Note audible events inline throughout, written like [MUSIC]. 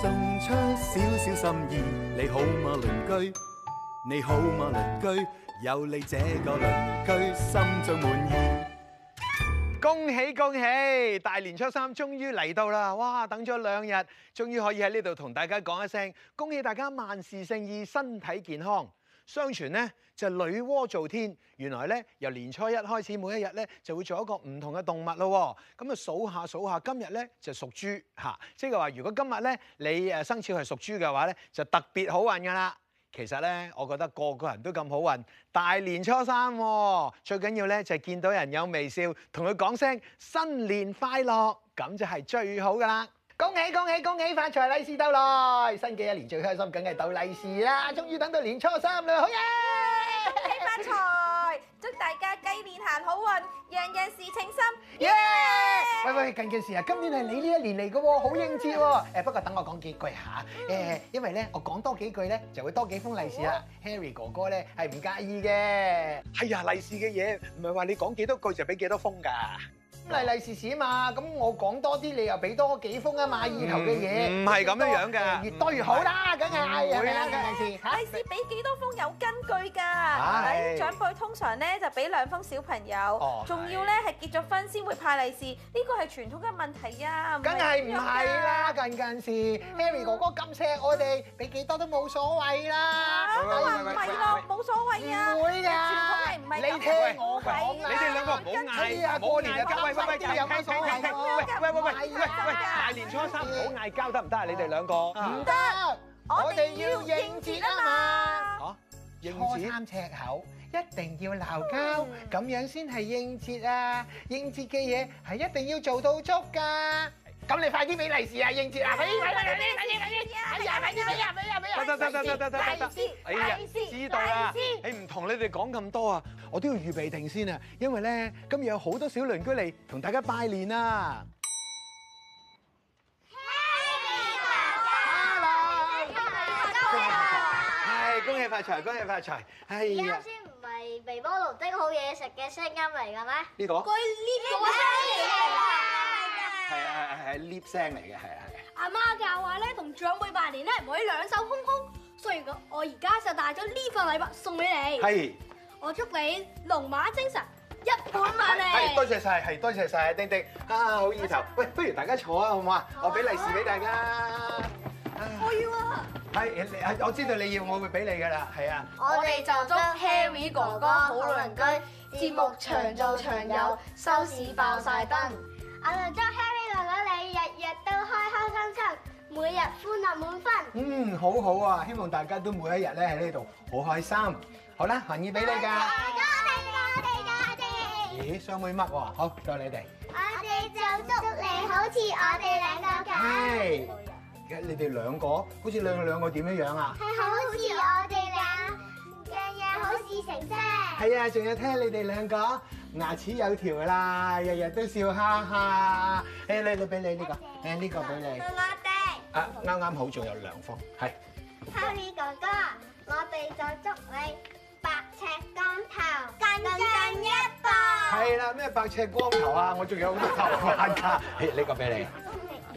送出少少心意，你好嗎鄰居？你好嗎鄰居？有你這個鄰居，心中滿意。恭喜恭喜！大年初三終於嚟到啦！哇，等咗兩日，終於可以喺呢度同大家講一聲，恭喜大家萬事勝意，身體健康。相傳呢就是、女媧做天，原來呢由年初一開始，每一日呢就會做一個唔同嘅動物咯、哦。咁啊數下數下，今日呢就屬豬嚇、啊，即係話如果今日呢你生肖係屬豬嘅話呢，就特別好運㗎啦。其實呢，我覺得個個人都咁好運，大年初三、哦、最緊要呢就是、見到人有微笑，同佢講聲新年快樂，咁就係最好㗎啦。恭喜恭喜恭喜，發財利是到來！新嘅一年最開心，梗係到利是啦！終於等到年初三啦，好嘢！恭喜發財，祝大家雞年行好運，樣樣事稱心，耶！喂喂，近件事啊，今年係你呢一年嚟嘅喎，好應節喎。誒，不過等我講幾句吓，誒，因為咧，我講多幾句咧，就會多幾封利是啦。Harry 哥哥咧係唔介意嘅。係啊，利是嘅嘢唔係話你講幾多句就俾幾多封㗎。利利是是啊嘛，咁我講多啲，你又俾多幾封啊嘛，意頭嘅嘢。唔係咁樣樣嘅，越多越好啦，梗係。唔會啦，近近時。利是俾幾多封有根據噶，嗱，長輩通常咧就俾兩封小朋友，仲要咧係結咗婚先會派利是，呢個係傳統嘅問題啊。梗係唔係啦，近近時，Harry 哥哥咁錫，我哋俾幾多都冇所謂啦。都話唔係咯，冇所謂啊。唔會噶。你聽我講啊，唔好嗌啊，過年就交費。喂，喂喂喂喂！喂喂喂喂喂！大年初三唔好嗌交得唔得啊？你哋兩個唔得，我哋要應節啊嘛！嚇，初三赤口一定要鬧交，咁樣先係應節啊！應節嘅嘢係一定要做到足噶。咁你快啲俾利是啊，應節啊！嗱，俾，快啲，快啲，快啲，快啲，快啲，哎呀，快啲，哎呀，俾啊，俾啊，得得得得得得得得，利是，利是，利是，知道啦。哎，唔同你哋講咁多啊，我都要預備定先啊，因為咧，今日有好多小鄰居嚟同大家拜年啦。Happy New Year！快樂，快樂！係，恭喜發財，恭喜發財！哎呀，啱先唔係微波爐叮好嘢食嘅聲音嚟嘅咩？呢個？據呢個聲。係，lift 聲嚟嘅，係啊，係。阿媽教話咧，同長輩拜年咧，唔可以兩手空空，所以我而家就帶咗呢份禮物送俾你。係，我祝你龍馬精神，一本萬利。係，多謝晒，係多謝晒，係多謝晒丁丁啊，好意頭。喂，不如大家坐啊，好唔好啊？我俾利是俾大家。我要啊。係，我知道你要，我會俾你噶啦。係啊。我哋就祝 Harry 哥哥好鄰居，節目長做長有，收視爆晒燈。我哋祝 Harry。日日都開開心心，每日歡樂滿分。嗯，好好啊，希望大家都每一日咧喺呢度好開心。好啦，行煙俾你㗎。咦，雙妹乜喎？好，到你哋。我哋就祝你好似我哋兩個咁。哎，你哋兩個好似兩兩個點樣樣啊？係好似我哋兩樣樣好事成真。係啊，仲要聽你哋兩個。牙齒有條噶啦，日日都笑哈哈。哎，呢個俾你呢個，哎呢個俾你。我哋。啊，啱啱好仲有涼風，係。Harry 哥哥，我哋就祝你百尺光頭更進一步。係啦，咩百尺光頭啊？我仲有好多頭髮噶。呢個俾你。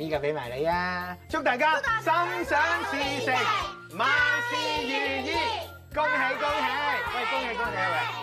呢個俾埋你啊！祝大家心想事成，萬事如意，恭喜恭喜，喂恭喜恭喜喂！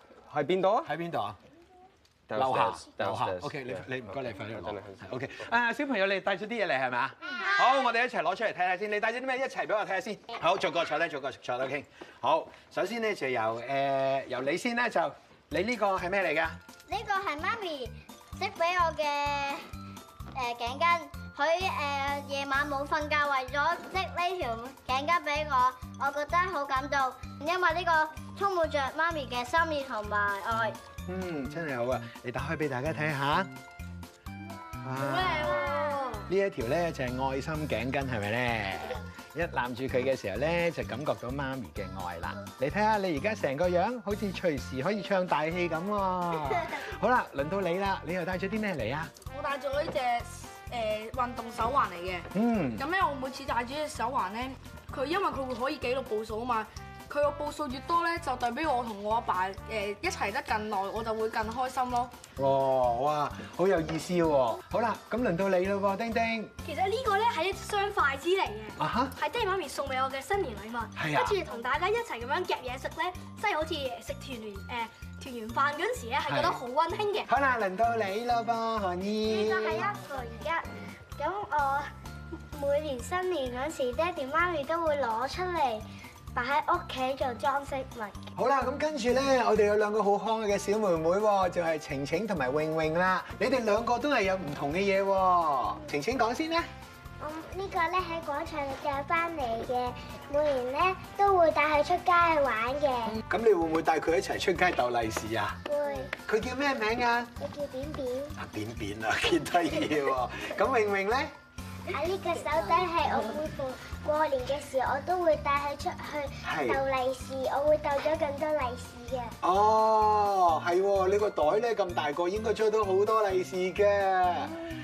喺邊度啊？喺邊度啊？樓下，樓下。OK，你你唔該，你快啲攞。OK，誒好好小朋友，你帶咗啲嘢嚟係咪啊？好，我哋一齊攞出嚟睇睇先。你帶咗啲咩一齊俾我睇下先？好，逐個坐低，逐個坐低傾。好，首先咧就由誒、呃、由你先咧，就你呢個係咩嚟㗎？呢個係媽咪織俾我嘅誒頸巾。佢誒夜晚冇瞓覺，為咗織呢條頸巾俾我，我覺得好感動，因為呢個充滿著媽咪嘅心意同埋愛。嗯，真係好㗎，你打開俾大家睇下。好靚喎？呢一條咧就係愛心頸巾，係咪咧？一攬住佢嘅時候咧，就感覺到媽咪嘅愛啦。你睇下你而家成個樣，好似隨時可以唱大戲咁喎。好啦，輪到你啦，你又帶咗啲咩嚟啊？我帶咗呢隻。誒、呃、運動手環嚟嘅，咁咧、嗯、我每次戴住隻手環咧，佢因為佢會可以記錄步數啊嘛。佢個步數越多咧，就代表我同我阿爸誒一齊得更耐，我就會更開心咯。哦，哇，好有意思喎！好啦，咁輪到你嘞喎，丁丁。其實呢個咧係一雙筷子嚟嘅。啊哈！係爹哋媽咪送俾我嘅新年禮物，跟住同大家一齊咁樣夾嘢食咧，真係好似食團圓誒團圓飯嗰陣時咧，係覺得好溫馨嘅。好啦，輪到你嘞噃，何姨。其實係一個而家咁，我每年新年嗰陣時，爹哋媽咪都會攞出嚟。擺喺屋企做裝飾物好。好啦，咁跟住咧，我哋有兩個好可愛嘅小妹妹，就係、是、晴晴同埋穎穎啦。你哋兩個都係有唔同嘅嘢。晴晴講先啦。我呢個咧喺廣場帶翻嚟嘅，每年咧都會帶佢出街去玩嘅。咁你會唔會帶佢一齊出街逗利是啊？會。佢叫咩名啊？佢叫扁扁。啊，扁扁啊，幾得意嘅。咁穎穎咧？.啊！呢個手袋係我每逢吧過年嘅時，我都會帶佢出去鬥利是，我會鬥咗咁多利是嘅。哦，係喎，你個袋咧咁大個，應該出到的好多利是嘅。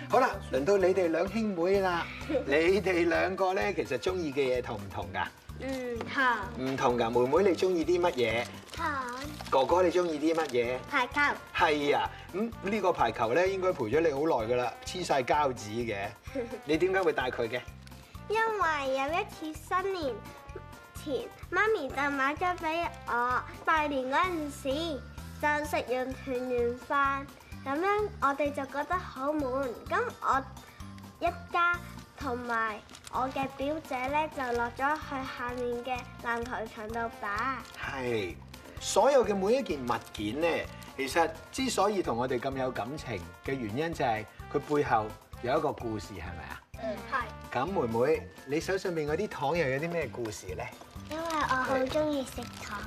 好啦，輪到你哋兩兄妹啦， [LAUGHS] 你哋兩個咧其實中意嘅嘢同唔同㗎？嗯，糖唔同噶，妹妹你中意啲乜嘢？糖，哥哥你中意啲乜嘢？排球係啊，咁呢、這個排球咧應該陪咗你好耐噶啦，黐晒膠紙嘅， [LAUGHS] 你點解會帶佢嘅？因為有一次新年前，媽咪就買咗俾我，拜年嗰陣時就食完團圓飯，咁樣我哋就覺得好悶，咁我一家，同埋我嘅表姐咧，就落咗去下面嘅籃球場度打。係，所有嘅每一件物件咧，其實之所以同我哋咁有感情嘅原因，就係佢背後有一個故事，係咪啊？嗯，係。咁妹妹，你手上面嗰啲糖又有啲咩故事咧？因為我好中意食糖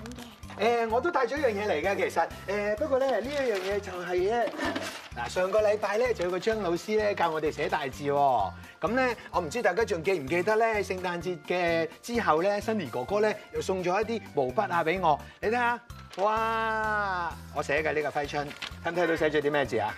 嘅。誒，我都帶咗一樣嘢嚟嘅，其實，誒，不過咧呢一樣嘢就係咧。嗱，上個禮拜咧就有個張老師咧教我哋寫大字喎，咁咧我唔知大家仲記唔記得咧？聖誕節嘅之後咧，Sunny 哥哥咧又送咗一啲毛筆啊俾我，你睇下，哇！我寫嘅呢個揮春，睇唔睇到寫咗啲咩字啊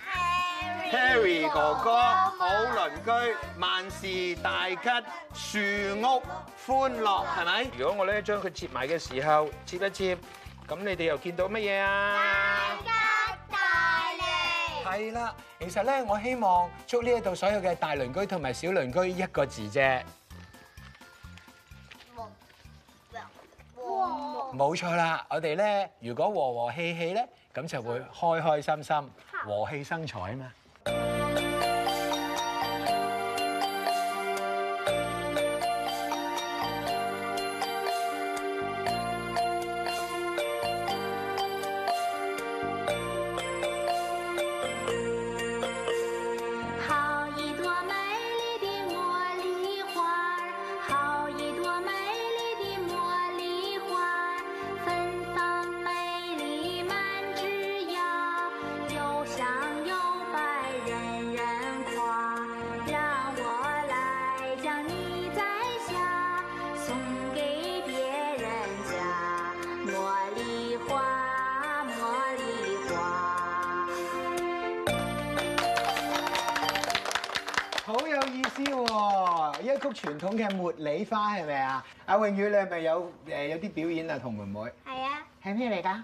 ？Harry 哥哥好鄰居，萬事大吉，樹屋歡樂，係咪？如果我咧將佢切埋嘅時候，切一切，咁你哋又見到乜嘢啊？係啦，其實咧，我希望祝呢一度所有嘅大鄰居同埋小鄰居一個字啫，和和和。冇錯啦，我哋咧如果和和氣氣咧，咁就會開開心心，和氣生財啊嘛。傳統嘅茉莉花係咪啊？阿榮宇，你係咪有誒有啲表演啊？同妹妹係啊，係咩嚟噶？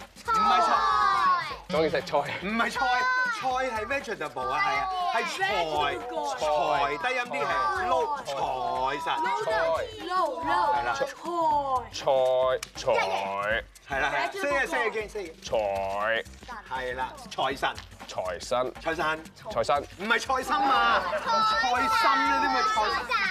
中意食菜？唔係菜，菜係 vegetable 啊，係啊，係菜。財低音啲係，撈財神，撈撈係啦，財財財係啦係，四啊四啊四啊，財係啦財神財神財神財神，唔係菜心啊，菜心呢啲咪菜。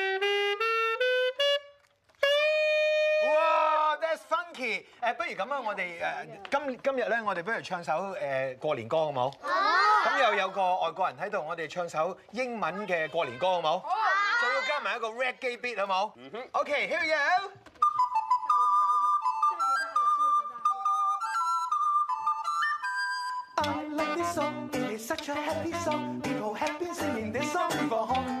誒，不如咁啊！我哋誒，今今日咧，我哋不如唱首誒過年歌好冇？咁又有個外國人喺度，我哋唱首英文嘅過年歌好冇？仲要加埋一個 reggae beat 好冇？Okay, here you go.